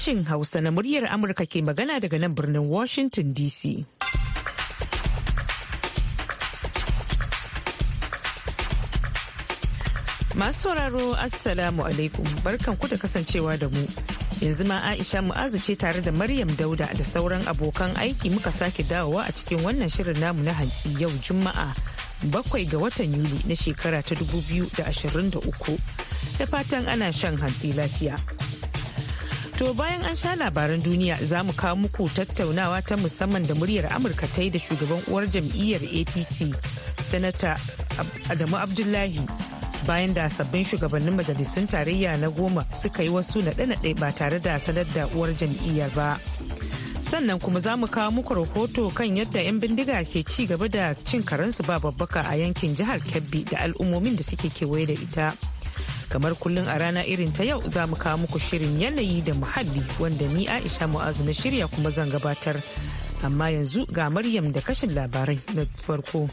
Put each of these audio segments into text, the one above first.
sashen Hausa na muryar Amurka ke magana daga nan birnin Washington DC. Masu sauraro Assalamu alaikum barkan ku da kasancewa da mu. Yanzu ma Aisha Mu'azu ce tare da Maryam Dauda da sauran abokan aiki muka sake dawowa a cikin wannan shirin namu na hantsi yau Juma'a bakwai ga watan Yuli na shekara ta dubu 2023. Da fatan ana shan hantsi lafiya. To bayan an sha labaran duniya za mu kawo muku tattaunawa ta musamman da muryar Amurka ta yi da shugaban uwar jam'iyyar APC, Sanata Adamu Abdullahi. Bayan da sabbin shugabannin majalisun tarayya na goma suka yi wasu naɗe-naɗe ba tare da sanar da uwar jam'iyyar ba. Sannan kuma za mu kawo muku rahoto kan yadda 'yan bindiga ke ci gaba da cin karensu ba babbaka a yankin jihar Kebbi da al'ummomin da suke kewaye da ita. kamar kullum a rana irin ta yau za mu kawo muku shirin yanayi da muhalli wanda ni aisha mu'azu na shirya kuma zan gabatar amma yanzu ga maryam da kashin labarai na farko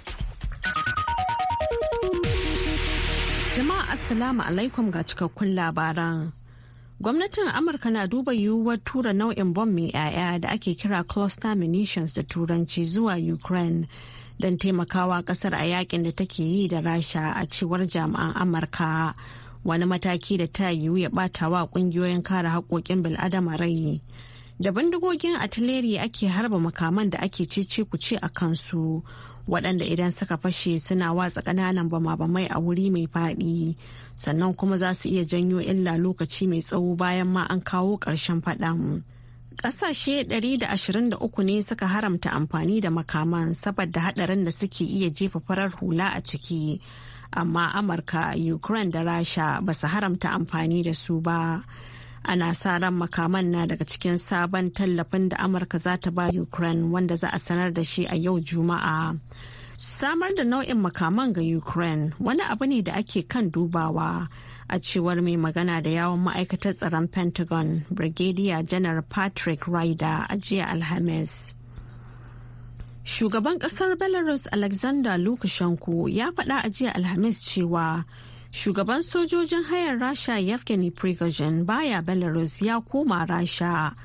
jama'a assalamu alaikum ga cikakkun labaran gwamnatin amurka na duba yiwuwar tura nau'in bom mai 'ya'ya da ake kira cluster munitions da turanci zuwa ukraine don taimakawa kasar a yakin da take yi da rasha a cewar jami'an amurka wani mataki da ta yiwu ya bata wa kungiyoyin kare haƙoƙin bil'adama rai da bindigogin atileri ake harba makaman da ake cece ce a kansu waɗanda idan suka fashe suna watsa ƙananan bama-bamai a wuri mai faɗi sannan kuma za su iya janyo illa lokaci mai tsawo bayan ma an kawo ƙarshen faɗan. Ƙasashe 123 ne suka haramta amfani da makaman saboda haɗarin da suke iya jefa farar hula a ciki amma amurka ukraine da rasha ba su haramta amfani da su ba ana sa ran makaman na daga cikin sabon tallafin da amurka za ta ba ukraine wanda za a sanar da shi a yau juma'a samar da nau'in makaman ga ukraine wani abu ne da ake kan dubawa a cewar mai magana da yawon ma'aikatar tsaron pentagon brigadier general patrick ryder a jiya alhamis Shugaban kasar Belarus Alexander Lukashenko ya faɗa a jiya Alhamis cewa shugaban sojojin hayar Rasha Yevgeny Prigozhin baya Belarus ya koma Rasha.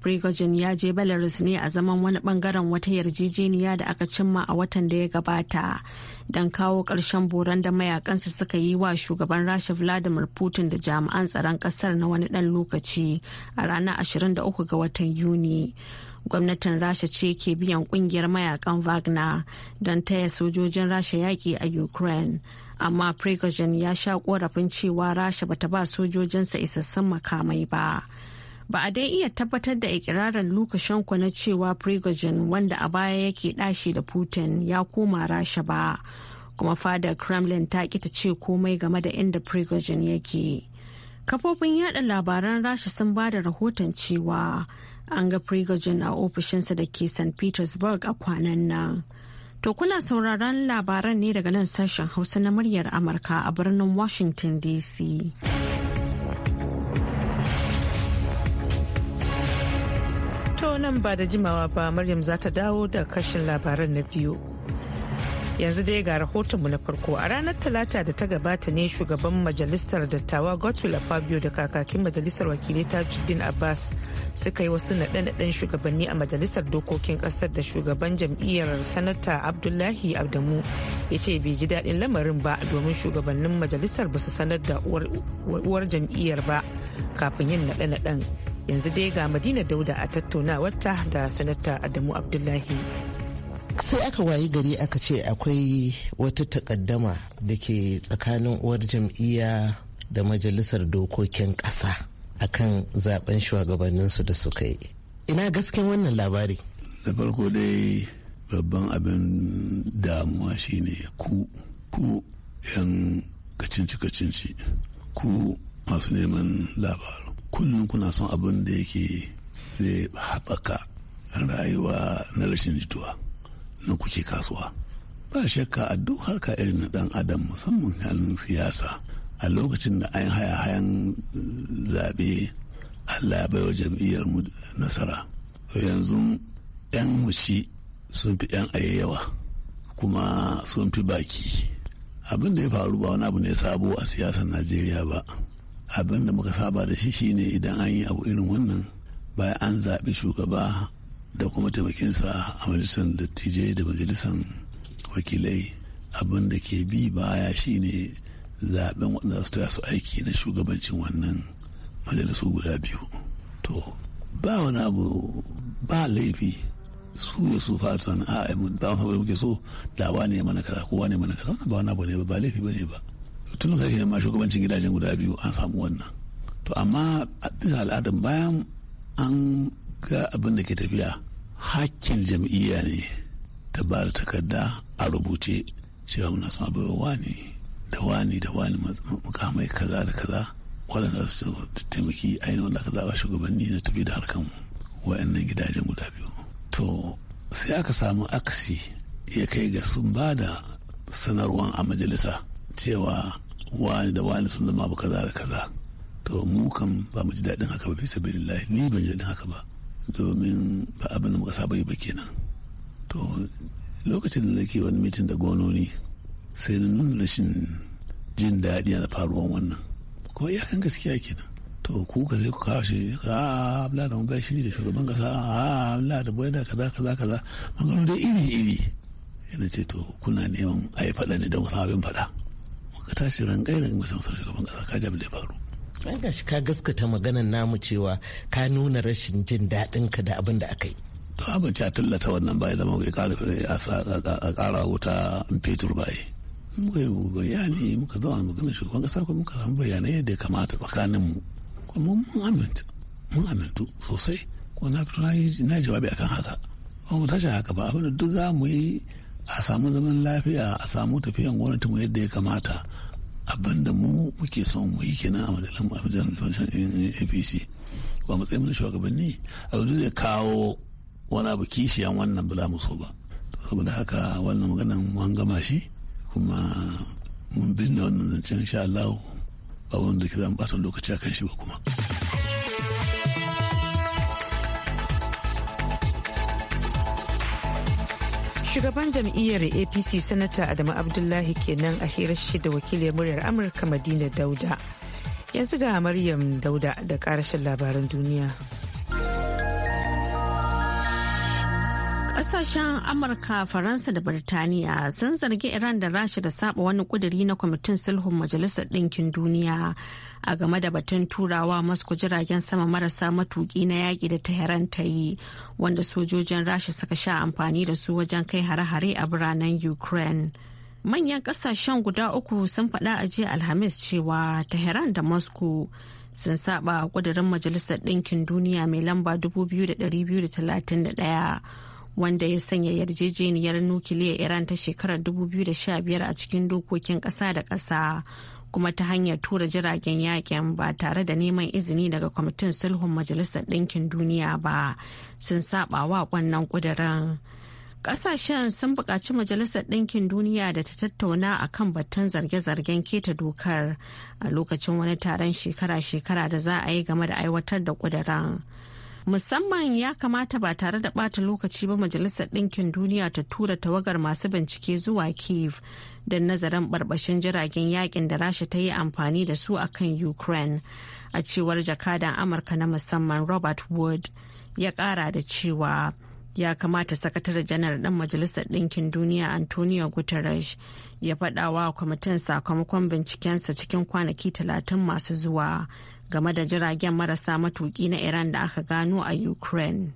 Prigozhin ya je Belarus ne a zaman wani bangaren wata yarjejeniya da aka cimma a watan da ya gabata don kawo ƙarshen boran da mayakansa suka yi wa shugaban Rasha Vladimir Putin da jami'an tsaron ƙasar na wani ɗan lokaci a ranar 23 ga watan Yuni. gwamnatin rasha ce ke biyan kungiyar mayakan wagner don taya sojojin rasha yaƙi a ukraine amma prigozhin ya sha korafin cewa rasha bata ba sojojinsa isassun makamai ba ba a dai iya tabbatar da ikirarin lukashenko na cewa prigozhin wanda a baya yake dashi da putin ya koma rasha ba kuma fadar kremlin ta kita ce komai game da inda prigozhin yake kafofin yada labaran rasha sun ba da rahoton cewa An ga Prigogine a ofishinsa da ke St. Petersburg a kwanan nan. To kuna sauraron labaran ne daga nan sashen Hausa na muryar Amurka a birnin Washington DC. To nan ba da jimawa ba Maryam za ta dawo da kashin labaran na biyu. yanzu dai ga rahotonmu na farko a ranar talata da ta gabata ne shugaban majalisar dattawa a fabio da kakakin majalisar wakilai tajuddin abbas suka yi wasu naɗe-naɗen shugabanni a majalisar dokokin ƙasar da shugaban jam'iyyar sanata abdullahi abdamu ya ce bai ji daɗin lamarin ba domin shugabannin majalisar ba su sanar da uwar jam'iyyar ba kafin yin naɗe-naɗen yanzu dai ga madina dauda a tattaunawarta da sanata adamu abdullahi sai aka wayi gari aka ce akwai wata takaddama da ke tsakanin uwar jam'iyya da majalisar dokokin ƙasa akan zaben su da suka yi ina gasken wannan labari da farko dai babban abin damuwa shine ku ku yan kacinci kacinci ku masu neman labaru kullum kuna son abin da yake zai haɓaka rayuwa na rashin jituwa na kuke kasuwa ba shakka a duk harka irin na ɗan adam musamman halin siyasa a lokacin da an haya hayan eh, zaɓe allah ya baiwa jam'iyyar mu nasara yanzu 'yan mushi sun fi 'yan ayyawa kuma sun fi baki abin da ya faru ba wani abu ne sabo a siyasar najeriya ba abin da muka saba da shi shine idan an yi abu irin wannan bayan an zaɓi shugaba da kuma taimakinsa a majalisar dattijai da majalisar wakilai abin da ke bi baya shine zaben waɗanda su taya su aiki na shugabancin wannan majalisu guda biyu to ba wani abu ba laifi su ya su fara tunanin a da wani muke so da ne mana kaza ko ne mana kaza ba wani abu ne ba laifi ba ne ba tun da kake ma shugabancin gidajen guda biyu an samu wannan to amma a bisa al'adar bayan an ga abin da ke tafiya hakkin jam'iyya ne ta ba da takarda a rubuce cewa muna son abuwa wani da wani da wani mukamai kaza da kaza waɗanda su taimaki ainihin wanda aka zaɓa shugabanni na tafi da harkar harkan wa'annan gidajen guda biyu to sai aka samu aksi ya kai ga sun ba da sanarwar a majalisa cewa wani da wani sun zama abu kaza da kaza to mu kan ba mu ji daɗin haka ba fi sabilillahi ni ban ji daɗin haka ba domin ba abin da muka saba yi ba kenan to lokacin da nake wani mitin da gononi sai na nuna rashin jin daɗi na faruwan wannan ko kan gaskiya kenan to ku ka sai ku kawo shi a abla ah, da mun gashi da shugaban kasa a ah, abla da bai da kaza kaza kaza magana dai iri iri yana ce to kuna neman a yi faɗa ne don samun abin faɗa ka tashi rangai rangai musamman shugaban kasa ka jabi da faru ga shi ka gaskata maganan namu cewa ka nuna rashin jin daɗin ka da abin da aka yi to abin a tallata wannan bai zama ga a ƙara wuta in fetur bai muka yi bayani muka zama maganar shugaban kasa ko muka samu bayanai yadda ya kamata tsakanin mu kuma mun aminta mun amintu sosai ko na fito na jawabi akan haka kuma mu tashi haka ba abin da duk za mu yi a samu zaman lafiya a samu tafiyan gwamnati mu yadda ya kamata abin da mu muke son mu yi kenan a majalisar apc ba matsayin mu shugabanni abu zai kawo wani abu kishiyan wannan bala za mu so ba saboda haka wannan maganan mun gama shi kuma mun binne wannan zancen sha Allah ba wanda ke zan bata lokaci akan shi ba kuma. shugaban jam'iyyar apc sanata adamu abdullahi kenan a hirar shi da wakiliyar muryar amurka madina dauda yanzu ga maryam dauda da karashin labaran duniya Kasashen Amurka, Faransa da Birtaniya sun zargi Iran da Rasha da saba wani kuduri na kwamitin sulhun Majalisar Ɗinkin Duniya a game da batun turawa masu jiragen sama marasa matuki na yaƙi da Tehran ta yi, wanda sojojin Rasha suka sha amfani da su wajen kai hare-hare a biranen Ukraine. Manyan kasashen guda uku sun faɗa a jiya Alhamis cewa Tehran da Moscow sun saba a kudurin Majalisar Ɗinkin Duniya mai lamba 2231 wanda ya sanya yarjejeniyar nukiliya Iran ta shekarar 2015 a cikin dokokin ƙasa da ƙasa kuma ta hanyar tura jiragen yakin ba tare da neman izini daga kwamitin sulhun majalisar ɗinkin duniya ba sun saba wa wannan ƙudurin. Ƙasashen sun buƙaci majalisar ɗinkin duniya da ta tattauna a kan batun zarge-zargen keta dokar a lokacin wani taron shekara-shekara da za a yi game da aiwatar da ƙuduran. musamman ya kamata ba tare da bata lokaci ba majalisar ɗinkin duniya ta tura tawagar masu bincike zuwa kiev don nazarin barbashin jiragen yakin da rasha ta yi amfani da su a kan ukraine a cewar jakadan amurka na musamman robert wood ya kara da cewa ya kamata sakatare janar ɗan majalisar ɗinkin duniya antonio guterres ya faɗawa kwamitin sakamakon bincikensa cikin kwanaki talatin masu zuwa game da jiragen marasa matuki na Iran da aka gano a Ukraine.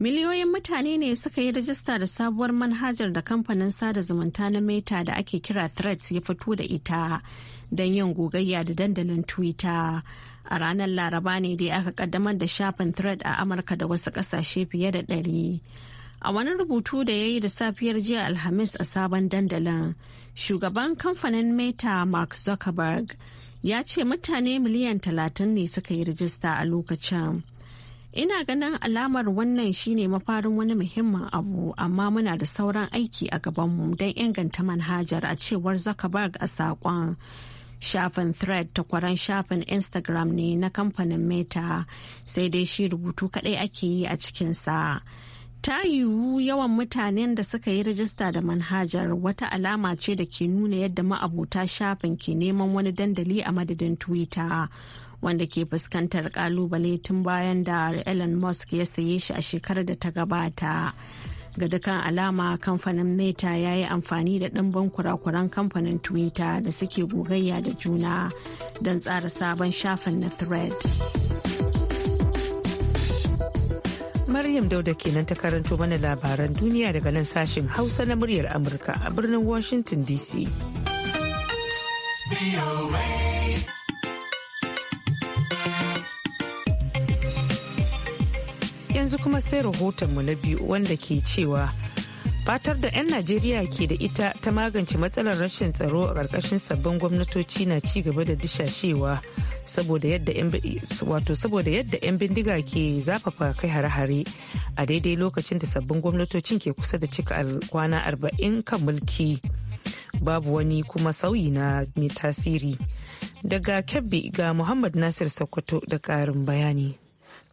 Miliyoyin mutane ne suka yi rajista da sabuwar manhajar da kamfanin sada zumunta na Meta da ake kira Threads ya fito da ita don yin gogayya da dandalin Twitter. A ranar Laraba ne dai aka kaddamar da shafin Thread a Amurka da wasu ƙasashe fiye da ɗari. A wani rubutu da ya yi da safiyar jiya Alhamis a sabon dandalin, shugaban kamfanin Meta Mark Zuckerberg ya ce mutane miliyan talatin ne suka yi rijista a lokacin. Ina ganin alamar wannan shine mafarin wani muhimmin abu amma muna da sauran aiki a gabanmu don inganta manhajar a cewar Zuckerberg a saƙon. Shafin thread takwaran shafin Instagram ne na kamfanin Meta sai dai shi rubutu kaɗai ake yi a cikinsa. ta yiwu yawan mutanen da suka yi rajista da manhajar wata alama ce da ke nuna yadda ma'abuta shafin ke neman wani dandali a madadin twitter wanda ke fuskantar kalubale tun bayan da elon musk ya saye shi a shekarar da ta gabata ga dukkan alama kamfanin meta ya yi amfani da ɗimbin kurakuran kamfanin twitter da suke gogayya da juna don tsara sabon shafin na thread. Maryam Dauda kenan ta karanto mana labaran duniya daga nan sashen Hausa na muryar Amurka a birnin Washington DC. Yanzu kuma sai rahotonmu na biyu wanda ke cewa fatar da 'yan Najeriya ke da ita ta magance matsalar rashin tsaro a ƙarƙashin sabbin gwamnatoci na ci gaba da dishashewa. saboda yadda wato saboda yadda 'yan bindiga ke zafafa kai hare-hare a daidai lokacin da sabbin gwamnatocin ke kusa da cika kwana arba'in kan mulki babu wani kuma sauyi na mai tasiri daga kebbi ga muhammad nasir sokoto da karin bayani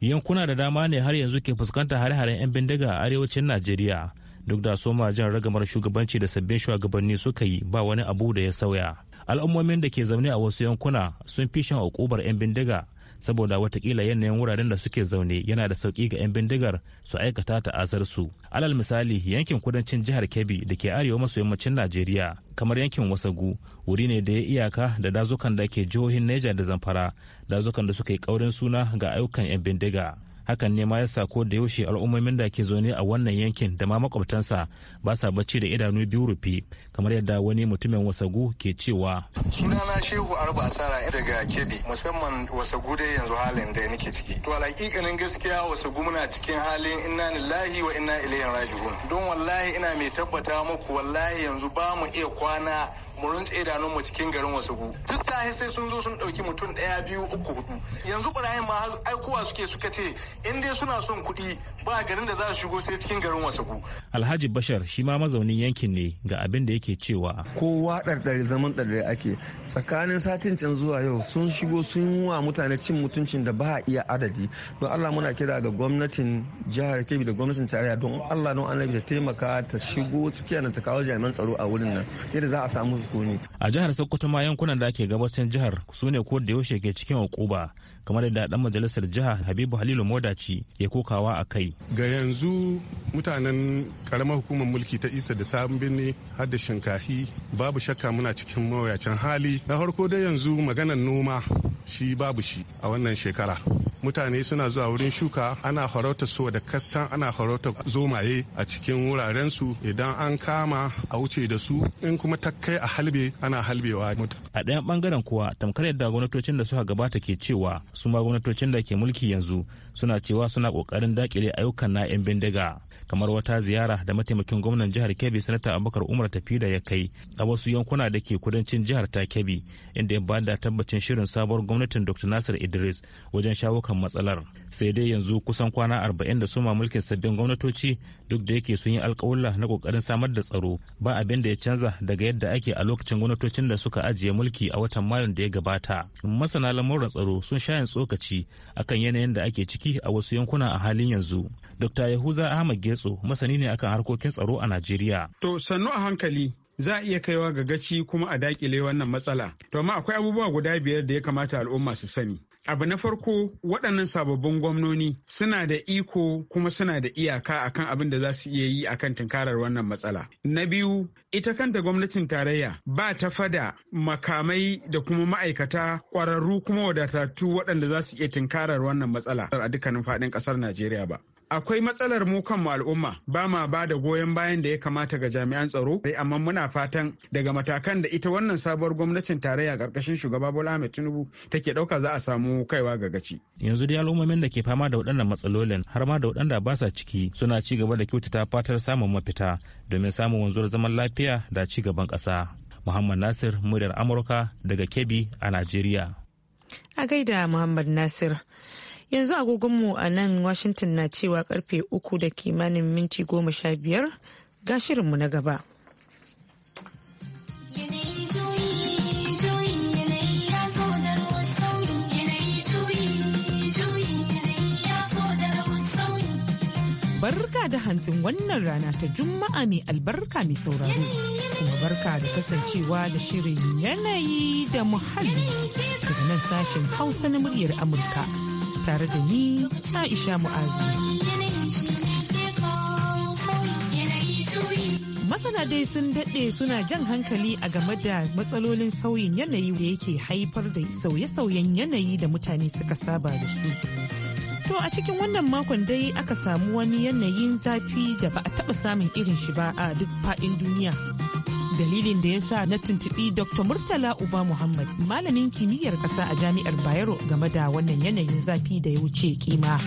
yankuna da dama ne har yanzu ke fuskantar hare-haren 'yan bindiga a arewacin najeriya duk da soma jan ragamar shugabanci da sabbin shugabanni suka yi ba wani abu da ya sauya al'ummomin da ke zaune a wasu yankuna sun fi shan hukubar 'yan bindiga saboda watakila yanayin wuraren da suke zaune yana da sauki ga 'yan bindigar su aikata ta'azar su alal misali yankin kudancin jihar kebbi da ke arewa maso yammacin najeriya kamar yankin wasagu wuri ne da ya iyaka da dazukan da ke jihohin neja da zamfara dazukan da suka yi kaurin suna ga ayyukan 'yan bindiga hakan ne ma ya sa ko da yaushe al'ummomin da ke zaune a wannan yankin da ma makwabtansa ba sa bacci da idanu biyu rufe kamar yadda wani mutumin wasagu ke cewa sunana shehu arba asara daga kebe musamman wasagu dai yanzu halin da nake ciki to alhakikanin gaskiya wasagu muna cikin halin inna lillahi wa inna ilaihi raji'un don wallahi ina mai tabbata muku wallahi yanzu ba mu iya kwana mu runtse idanun mu cikin garin gu duk sai sai sun zo sun dauki mutum daya biyu uku hudu yanzu kurayen ma aikowa suke suka ce in dai suna son kuɗi ba garin da za su shigo sai cikin garin gu alhaji bashar shi ma mazaunin yankin ne ga abin da yake cewa kowa ɗarɗari zaman ɗarɗari ake tsakanin satin can zuwa yau sun shigo sun yi wa mutane cin mutuncin da ba iya adadi don allah muna kira ga gwamnatin jihar kebbi da gwamnatin tarayya don allah don annabi ta taimaka ta shigo tsakiyar ta kawo jami'an tsaro a wurin nan yadda za a samu a jihar sokoto ma yankunan da ake gabacin jihar su ne ko da yaushe ke cikin hukuma kamar yadda dan majalisar jiha habibu halilu modaci ya kokawa a kai ga yanzu mutanen karamar hukumar mulki ta isa da sabon birni har da shinkahi babu shakka muna cikin mawuyacin hali na farko da yanzu maganar noma shi babu shi a wannan shekara mutane suna zuwa wurin shuka ana farauta so da kasan ana farauta zomaye a cikin wurarensu idan an kama a wuce da su in kuma ta kai a halbe ana halbewa a ɗayan bangaren kuwa tamkar yadda gwamnatocin da suka gabata ke cewa su ma gwamnatocin da ke mulki yanzu suna cewa suna kokarin dakile ayyukan na 'yan bindiga kamar wata ziyara da mataimakin gwamnan jihar kebbi sanata abubakar umar tafi da ya kai a wasu yankuna da ke kudancin jihar ta kebbi inda ya bada tabbacin shirin sabuwar gwamnatin dr nasir idris wajen shawo kan matsalar sai dai yanzu kusan kwana arba'in da suma mulkin sabbin gwamnatoci duk da yake sun yi alkawalla na kokarin samar da tsaro ba abin da ya canza daga yadda ake a lokacin gwamnatocin da suka ajiye mulki a watan mayun da ya gabata masana lamuran tsaro sun sha shayin tsokaci akan yanayin da ake ciki a wasu yankuna a halin yanzu dr yahuza ahmad getso masani ne akan harkokin tsaro a najeriya to sannu a hankali za a iya kaiwa ga gaci kuma a dakile wannan matsala to amma akwai abubuwa guda biyar da ya kamata al'umma su sani Abu na farko waɗannan sababbin gwamnoni suna da iko kuma suna da iyaka akan abin da za su iya yi akan tunkarar wannan matsala. Na biyu ita kanta gwamnatin tarayya ba ta fada makamai da kuma ma'aikata ƙwararru kuma wadatattu waɗanda za su iya tunkarar wannan matsala a dukkanin faɗin ƙasar Najeriya ba. akwai matsalar mu kan al'umma ba ma ba da goyon bayan da ya kamata ga jami'an tsaro amma muna fatan daga matakan da ita wannan sabuwar gwamnatin tarayya karkashin shugaba bola ahmed tinubu take dauka za a samu kaiwa ga gaci yanzu dai al'ummomin da ke fama da waɗannan matsalolin har ma da waɗanda ba sa ciki suna ci gaba da kyautata fatar samun mafita domin samun wanzuwar zaman lafiya da ci gaban ƙasa muhammad nasir muryar amurka daga kebbi a najeriya a gaida muhammad nasir yanzu agogonmu a nan washington na cewa karfe uku da kimanin minti goma sha biyar ga shirinmu na gaba barka da hantin wannan rana ta juma'a mai albarka mai sauraro kuma barka da kasancewa da shirin yanayi da muhalli daga nan sashen hausa na muryar amurka tare da ni Aisha mu'azi. Masana dai sun daɗe suna jan hankali a game da matsalolin sauyin yanayi da yake haifar da sauye-sauyen yanayi da mutane suka saba da su. To a cikin wannan makon dai aka samu wani yanayin zafi da ba a taɓa samun irin shi ba a duk faɗin duniya. dalilin da ya sa na tuntuɓi dr murtala uba muhammad malamin kimiyyar ƙasa a jami'ar bayero game da wannan yanayin zafi da ya wuce kima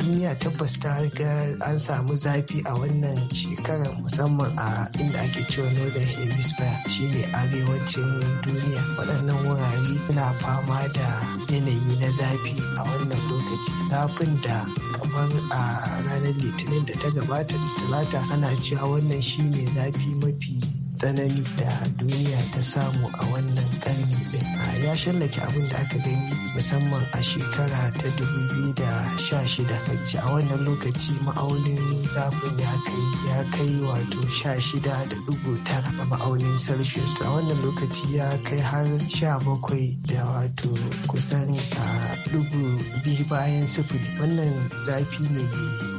duniya tabbas ta ga an samu zafi a wannan shekarar musamman a inda ake cewa northern hemisphere shine arewacin duniya waɗannan wurare na fama da yanayi zafi a wannan lokaci zafin da kamar a ranar litinin da ta gabata da talata ana cewa wannan shine zafi mafi tsanani da duniya ta samu a wannan karni din ya shallake abin da aka gani musamman a shekara ta 2016 wacce a wannan lokaci ma'aunin zafin ya kai ya kai wato 16.9 a ma'aunin celsius a wannan lokaci ya kai har 17 da wato kusan a dubu biyu bayan sufuri wannan zafi ne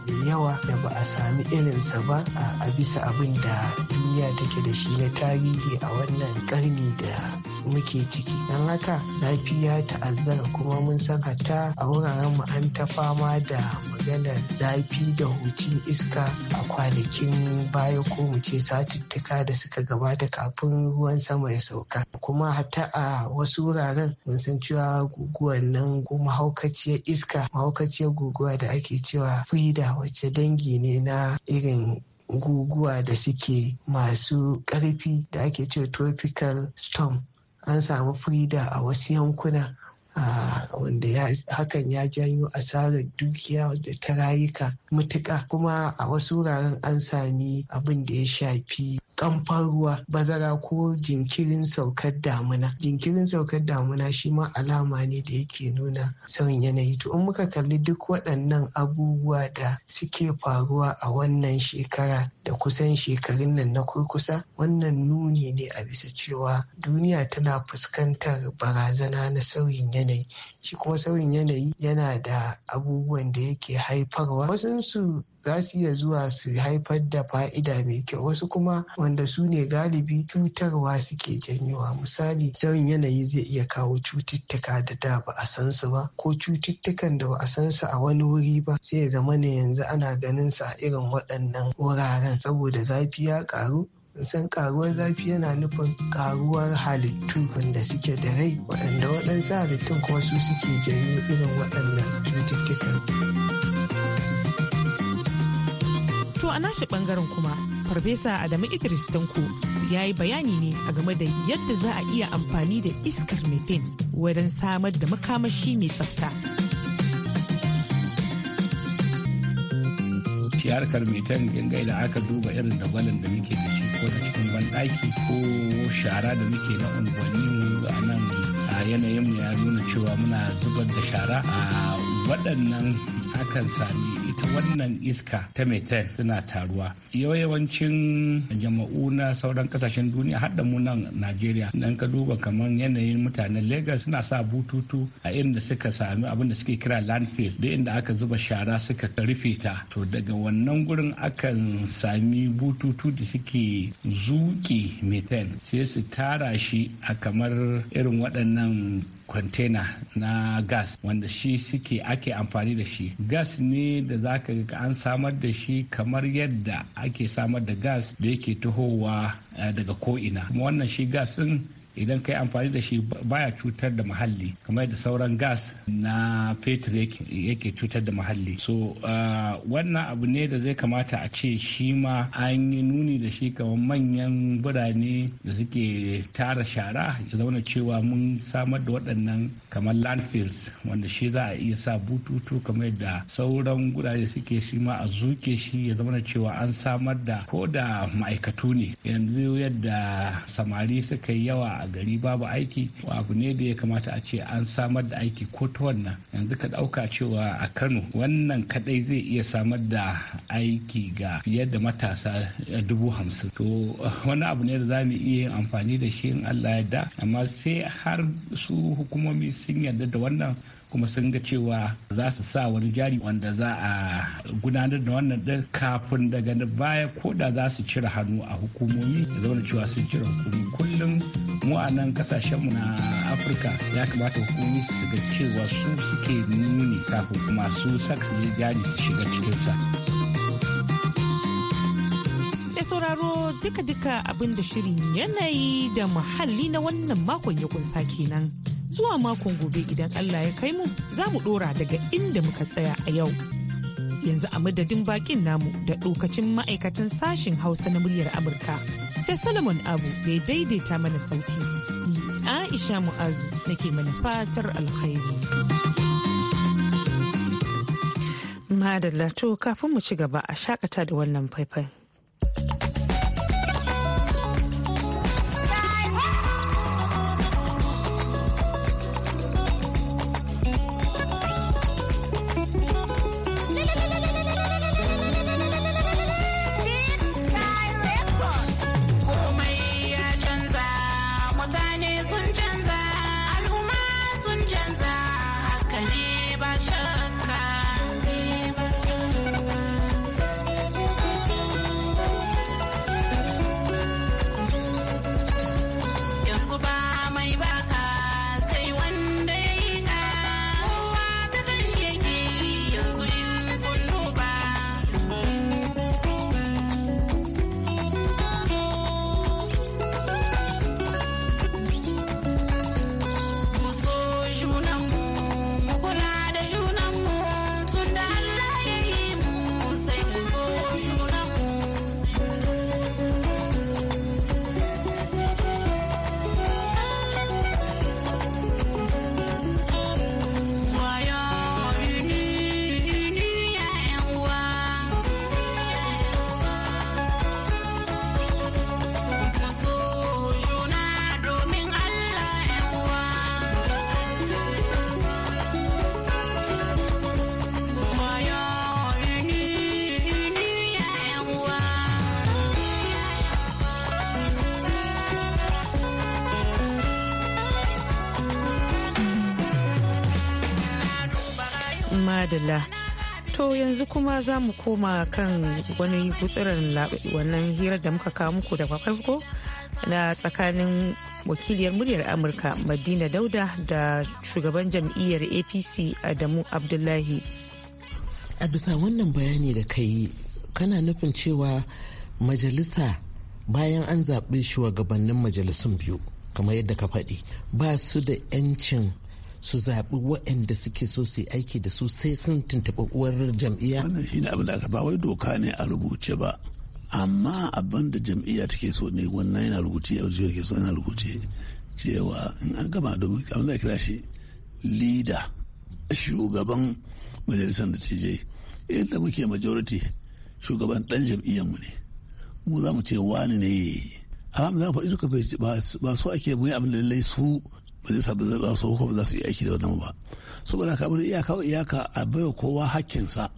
mai yawa da ba a sami irinsa ba a bisa abin da duniya take da shi na tarihi a wannan karni da muke ciki don haka zafi ya ta'azzara kuma mun san hatta a wuraren mu an ta fama da maganar zafi da hucin iska a kwanakin baya ko mu ce satuttuka da suka gabata kafin ruwan sama ya sauka kuma hatta a wasu wuraren mun san cewa guguwar nan mahaukaciyar iska mahaukaciyar guguwa da ake cewa frida wacce dangi ne na irin guguwa da suke masu ƙarfi da ake ce tropical storm an samu frida a wasu yankuna wanda hakan ya janyo asarar dukiya da ta rayuka mutuka kuma a wasu wuraren an sami abin da ya shafi kamfan ruwa bazara ko jinkirin saukar damuna jinkirin saukar damuna shi ma alama ne da yake nuna sauyin yanayi to in muka kalli duk waɗannan abubuwa da suke faruwa a wannan shekara da kusan shekarun nan na kurkusa wannan nuni ne a bisa cewa duniya tana fuskantar barazana na sauyin yanayi shi kuma sauyin yanayi yana da abubuwan da yake haifarwa wasu za su iya zuwa su haifar da fa'ida mai kyau wasu kuma wanda su ne galibi cutarwa suke janyowa misali sauyin yanayi zai iya kawo cututtuka da da ba a san su ba ko cututtukan da ba a san su a wani wuri ba sai ya zama ne yanzu ana ganin su a irin waɗannan wuraren saboda zafi ya ƙaru san karuwar zafi yana nufin karuwar halittu wanda suke da rai waɗanda waɗansu halittun kuma su suke janyo irin waɗannan cututtukan. To a nashi bangaren kuma, Farfesa Adamu Idris Tanko ya yi bayani ne a game da yadda za a iya amfani da iskar methane wajen samar da makamashi mai tsafta. ciyarkar harkar gangai da aka duba irin dabalan da muke da shi ko da cikin banɗaki ko shara da muke na unguwanni a nan a yanayinmu ya nuna cewa muna zubar da shara a waɗannan akan sami ta wannan iska ta methane suna taruwa yawancin jama'u na sauran kasashen duniya har da mu nan najeriya nan ka duba kamar yanayin mutanen legas suna sa bututu a inda suka sami abin da suke kira landfill da inda aka zuba shara suka rufe ta to daga wannan gurin akan sami bututu da suke zuki methane sai su tara shi a kamar irin waɗannan kwantena na gas wanda shi suke ake amfani da shi gas ne da za ka an samar da shi kamar yadda ake samar da gas da yake tahowa eh, daga ko'ina kuma wannan shi gas din idan kai amfani da shi baya cutar da muhalli kamar da sauran gas na fetur yake cutar da muhalli so uh, wannan abu ne da zai kamata a ce shi ma an yi nuni da shi kamar manyan birane da suke tara shara ya zauna cewa mun samar da waɗannan kamar landfills wanda shi za a iya sa bututu kamar da sauran gurare suke shi ma a zuke shi ya zauna cewa an samar da ko da ma'aikatu ne yanzu yadda samari suka yi yawa a gari babu aiki abu ne da ya kamata a ce an samar da aiki ko ta wannan yanzu ka ɗauka cewa a kano wannan kadai zai iya samar da aiki ga fiye da matasa eh, dubu hamsin to eh, wani abu ne da za mu iya yin amfani da shi in allah ya da amma sai har su hukumomi sun yarda da wannan kuma sun ga cewa za su sa wani jari wanda za a gudanar da wannan ɗin kafin daga baya ko da za su cire hannu a hukumomi da zauna cewa sun cire hukumi kullum mu a nan kasashenmu na afirka ya kamata hukumomi su shiga cewa su suke nuni kafin kuma su saka jari su shiga cikinsa. sauraro duka-duka abin da shirin yanayi da muhalli na wannan makon ya kunsa kenan. zuwa makon gobe idan Allah ya kai mu za mu dora daga inda muka tsaya a yau. Yanzu a madadin bakin namu da ɗokacin ma'aikatan sashen Hausa na muryar Amurka sai Solomon Abu da ya daidaita mana sauti. Aisha Mu'azu nake mana fatar alkhairi. Madalla to kafin mu ci gaba a shakata da wannan faifai. to yanzu kuma za mu koma kan wani gutsiran wannan hirar da muka kawo muku da farko na tsakanin wakiliyar muryar amurka madina dauda da shugaban jam'iyyar apc adamu abdullahi a bisa wannan bayani da ka yi kana nufin cewa majalisa bayan an zaɓi shugabannin majalisun biyu kamar yadda ka faɗi ba su da 'yancin su zaɓi waɗanda suke so su yi aiki da su sai sun tuntuɓa uwar jam'iyya. wannan shi ne abin da aka ba wai doka ne a rubuce ba amma abin da jam'iyya take so ne wannan yana rubuce a wajen ke so yana rubuce cewa in an gama domin abin da kira shi leader shugaban majalisar da cije inda muke majority shugaban dan jam'iyyarmu ne mu za mu ce wani ne amma za mu faɗi suka ba su ake muyi abin da lallai su ba zai sabu za su ko za su yi aiki da wannan ba saboda kamar abin iyaka iyaka a baiwa kowa hakkinsa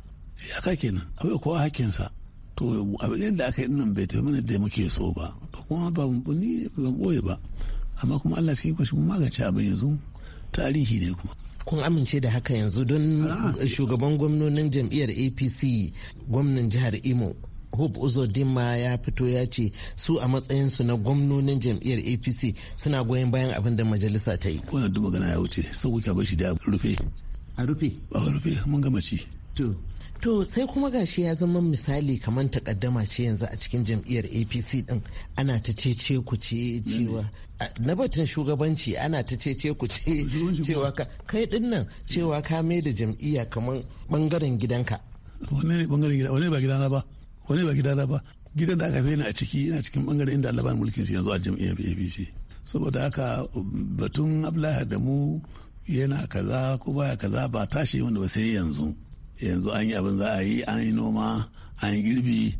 iyaka kenan a baiwa kowa hakkinsa to abin da aka yi nan bai tafi mana da muke so ba to kuma ba ni ban boye ba amma kuma Allah cikin kwashi mun magance abin yanzu tarihi ne kuma kun amince da haka yanzu don shugaban gwamnonin jam'iyyar apc gwamnan jihar imo hope uzodinma ya fito ya ce su a matsayinsu na gwamnonin jam'iyyar apc suna goyon bayan abin da majalisa ta yi wannan duk magana ya wuce sun kuka bashi da rufe a rufe a rufe mun gama ci to sai kuma gashi ya zama misali kamar takaddama ce yanzu a cikin jam'iyyar apc din ana ta ce ce ku ce cewa na batun shugabanci ana ta ce ce ku ce cewa ka kai din nan cewa ka mai da jam'iyya kamar bangaren gidanka wani ne bangaren gidan wani ba gidana ba wani ba gidana ba gidan da aka fi a ciki ina cikin bangaren inda Allah bani mulkin shi yanzu a jam'iyyar APC saboda haka um, batun da mu yana kaza ko baya kaza ba tashi wanda ba sai yanzu yanzu an yi abin za a yi an yi noma an yi girbi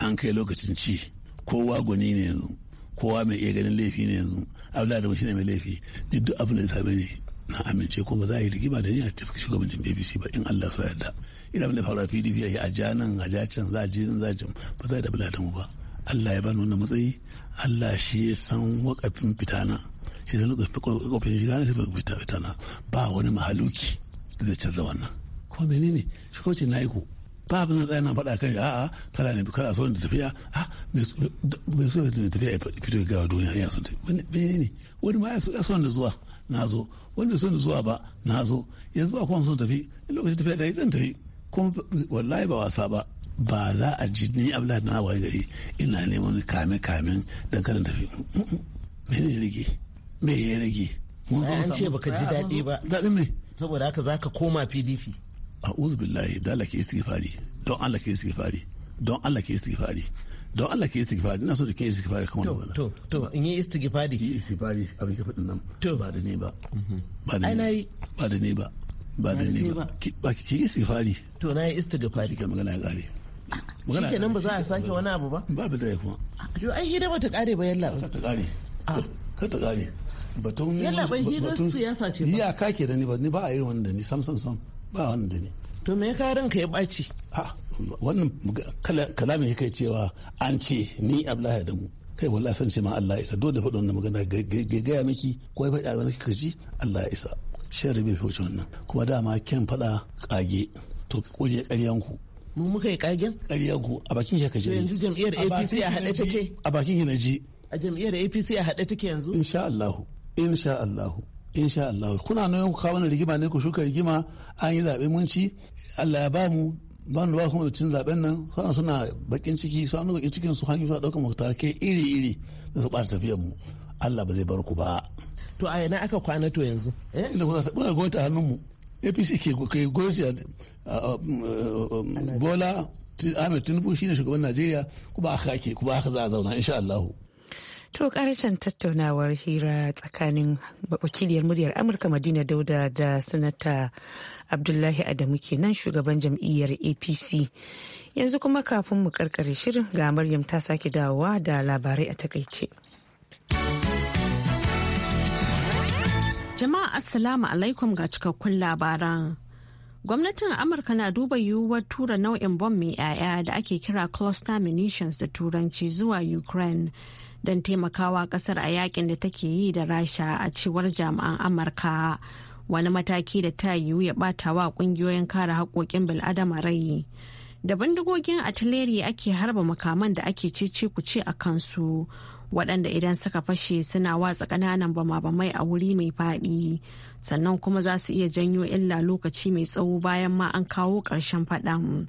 an kai lokacin ci kowa gwani ne yanzu kowa mai iya ganin laifi ne yanzu mu Adamu ne mai laifi duk abin da ya same ne na amince ko ba za a yi rigima da ni a shugabancin BBC ba in Allah so yarda ina abin da faruwa pdp a ja nan a ja can za a je za a can ba za a da buladan ba allah ya bani nuna matsayi allah shi ya san wakafin fitana shi ya san wakafin shiga na shi fitana ba wani mahaluki zai canza wannan kuma menene shi kawai ce na iko ba abin da tsaye na faɗa kan shi a'a kala ne kala so da tafiya a mai so da tafiya ya fito ga duniya ya son tafiya wani ne wani ma ya so da zuwa na zo wani bai so da zuwa ba na zo yanzu ba kuma son tafi lokacin tafiya da ya zan tafi kuma wallahi ba wasa ba ba za a ji ni Abdullahi na waye gari ina neman kame kamen da karin tafi me ne rage me ya rage mun zo ba baka ji daɗi ba daɗin ne saboda haka zaka koma PDP a'udhu billahi da Allah ke istighfari don Allah ke istighfari don Allah ke istighfari don Allah ke istighfari ina so da ke istighfari kamar da wala to to in yi istighfari yi istighfari abin ka faɗin nan ba da ne ba mhm. ba da ne ba ba da ne ba ki yi istighfari to na yi istighfari ke magana ya kare magana shi nan ba za a sake wani abu ba ba ba da kuma yo ai hira ba ta kare ba yalla ba ta kare ah. ka ta kare batun yalla ba hira ya ce ba ya ka ke da ni ba ni ba a irin da ni sam sam sam ba da ni to me ka ranka ya baci ah, wannan kalamin kai cewa an ce ni abdullahi adamu kai wallahi san ce ma Allah ya isa dole faɗin wannan magana ga gaya miki ko ya faɗi a wani kika Allah ya isa shan rabi bai wuce wannan kuma dama kyan faɗa Kage to ƙuriya ƙaryanku mu muka yi ƙagen ƙaryanku a bakin ya kaje yanzu jam'iyyar apc a haɗe take a bakin ki ji a jam'iyyar apc a haɗe take yanzu insha allah insha allah insha allah kuna nan ku kawo rigima ne ku shuka rigima an yi zaɓe mun ci allah ya ba mu ban ruwa kuma da cin zaben nan suna suna bakin ciki suna bakin cikin su hanyoyi suna ɗaukar mutake iri-iri da su ɓata tafiyar mu Allah ba zai bar ku ba to a yana aka kwana to yanzu eh da kuna gwamnati a hannunmu APC ke gwamnati Bola Ahmed Tinubu shine shugaban Najeriya kuma aka ake kuma aka za a zauna insha Allah To karshen tattaunawar hira tsakanin wakiliyar muryar Amurka Madina Dauda da Sanata Abdullahi Adamu kenan shugaban jam'iyyar APC. Yanzu kuma kafin mu karkare shirin ga Maryam ta sake dawowa da labarai a takaice. Jama'a Assalamu alaikum ga cikakkun labaran. Gwamnatin Amurka na duba yiwuwar tura nau'in bom mai 'ya'ya da ake kira cluster munitions da turanci zuwa Ukraine don taimakawa kasar a yakin da take yi da Rasha a cewar jami'an Amurka. Wani mataki da ta yiwu ya bata wa kungiyoyin kare haƙoƙin bil'adama rai. Da bindigogin atileri ake harba makaman da ake cece ce a kansu. waɗanda idan suka fashe suna watsa ƙananan bama-bamai a wuri mai faɗi sannan kuma za su iya janyo illa lokaci mai tsawo bayan ma an kawo ƙarshen faɗan.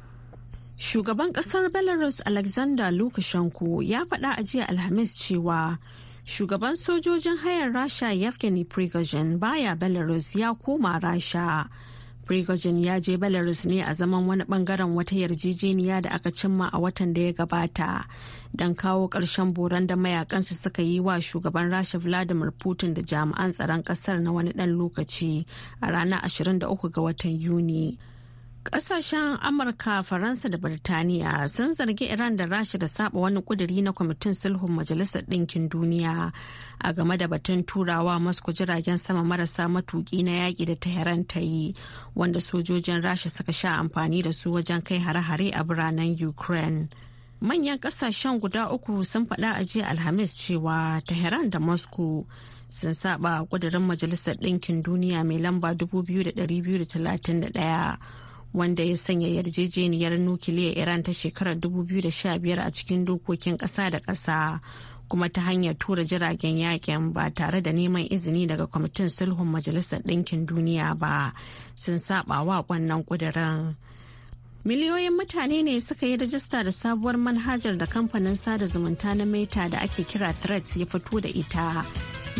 Shugaban ƙasar Belarus Alexander Lukashenko ya faɗa a jiya Alhamis cewa shugaban sojojin hayar Rasha Yevgeny Prigozhin baya Belarus ya koma Rasha. Prigozhin ya je Belarus ne a zaman wani bangaren wata yarjejeniya da aka cimma a watan da ya gabata don kawo ƙarshen boran da mayakansa suka yi wa shugaban Rasha Vladimir Putin da jami'an tsaron ƙasar na wani ɗan lokaci a ranar 23 ga watan Yuni. Ƙasashen Amurka, Faransa da Birtaniya sun zargi Iran da Rasha da saba wani kuduri na kwamitin sulhun Majalisar Ɗinkin Duniya a game da batun turawa Moscow jiragen sama marasa matuƙi na yaƙi da Tehran ta yi, wanda sojojin Rasha suka sha amfani da su wajen kai hare-hare a biranen Ukraine. Manyan ƙasashen guda uku sun faɗa a jiya Alhamis cewa Tehran da Moscow sun saba kudurin Majalisar Ɗinkin Duniya mai lamba 2231 wanda ya sanya yarjejeniyar nukiliya iran ta shekarar 2015 a cikin dokokin ƙasa da ƙasa kuma ta hanyar tura jiragen yakin ba tare da neman izini daga kwamitin sulhun majalisar ɗinkin duniya ba sun saba wa wannan ƙudurin. Miliyoyin mutane ne suka yi rajista da sabuwar manhajar da kamfanin sada zumunta na Meta da ake kira Threads ya fito da ita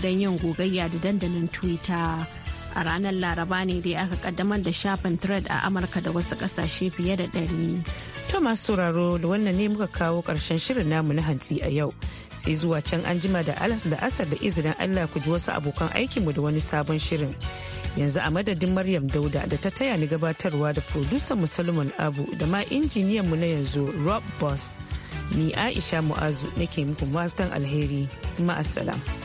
don yin gogayya da dandalin Twitter. a ranar laraba ne dai aka kaddamar da shafin thread a amurka da wasu kasashe fiye da ɗari. to masu sauraro da wannan ne muka kawo ƙarshen shirin namu na hantsi a yau sai zuwa can an jima da asar da izinin allah ku ji wasu abokan aikinmu da wani sabon shirin yanzu a madadin maryam dauda da ta taya ni gabatarwa da producer musulman abu da ma injiniyan mu na yanzu rob boss ni aisha mu'azu nake muku matan alheri ma'asala.